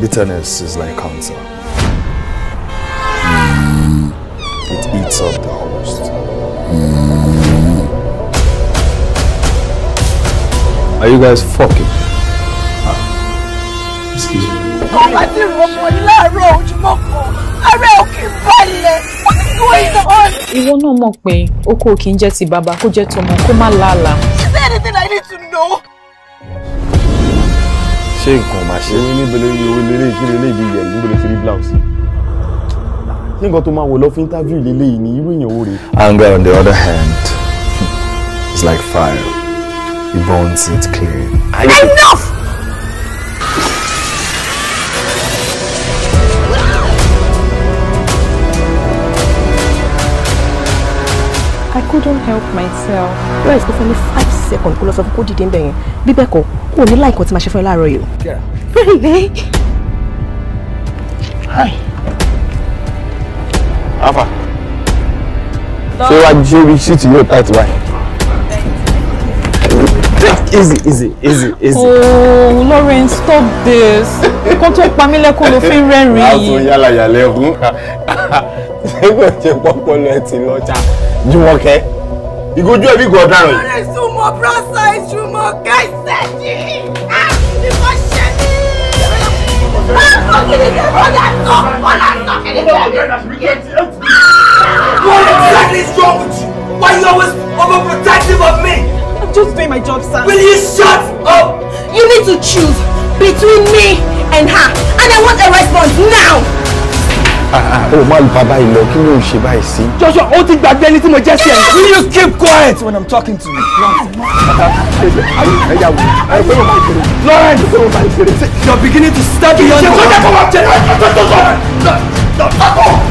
bitterness is like cancer. Mm. It eats up the host. Mm. Are you guys fucking? Ah. Excuse me. Wọ́n máa ti rọ ọmọ ní láàárọ̀ ojúmọ́ kan. Ara ò kì í balẹ̀. What's going on? Ìwọ náà mọ̀ pé oko kì í jẹ́ ti bàbá kó jẹ́ tọmọ kó má làálàá. Is there anything I need to know? lọ fún interview lélẹ̀ interview anger on the other hand is like fire it burns it clear. enough. I couldn't help myself. Where is the funny second kó lọ sọ fún kó dìde ń bẹ̀ bí bẹ́ẹ̀ kọ́ kò ní láì tí máa ṣe fún ẹ láàárọ̀ yìí o. Bẹ́ẹ̀ni. Hi. Afa. Ṣé wàá jí orí ṣíìtì yóò tight báyìí? Easy, easy, easy, easy. Oh, Lawrence, stop this. Nǹkan tó pa mí lẹ́kọ̀ọ́ ló fi ń rẹ́rìn-ín. Láàtún yálà yàlẹ̀ ẹ̀kún. Ṣé kò ṣe pọ́pọ́ lọ ẹ ti lọ́jà? Jùmọ̀kẹ́ ìgójú ẹbí ìgò ọ̀daràn yìí. ọ̀rẹ́ súnmọ́ brọ́sà ìṣùmọ̀ kẹsẹ̀ jì ní ah, kò ṣe ní. báwo kì í ṣe bọ́dà tó bọ́dà What is wrong with you? Why are you always overprotective of me? I'm just doing my job, sir. Will you shut up? You need to choose between me and her, and I want a response now o máa lu bàbá ìlọ kí ló ń ṣe báyìí sí. Joshua o ti gbàgbé ẹni tí mo jẹ́ sí ẹ. Will you keep quiet when I'm talking to you. Lawrence you're beginning to step beyond. ṣe kó jẹ́ kó wá jẹ́.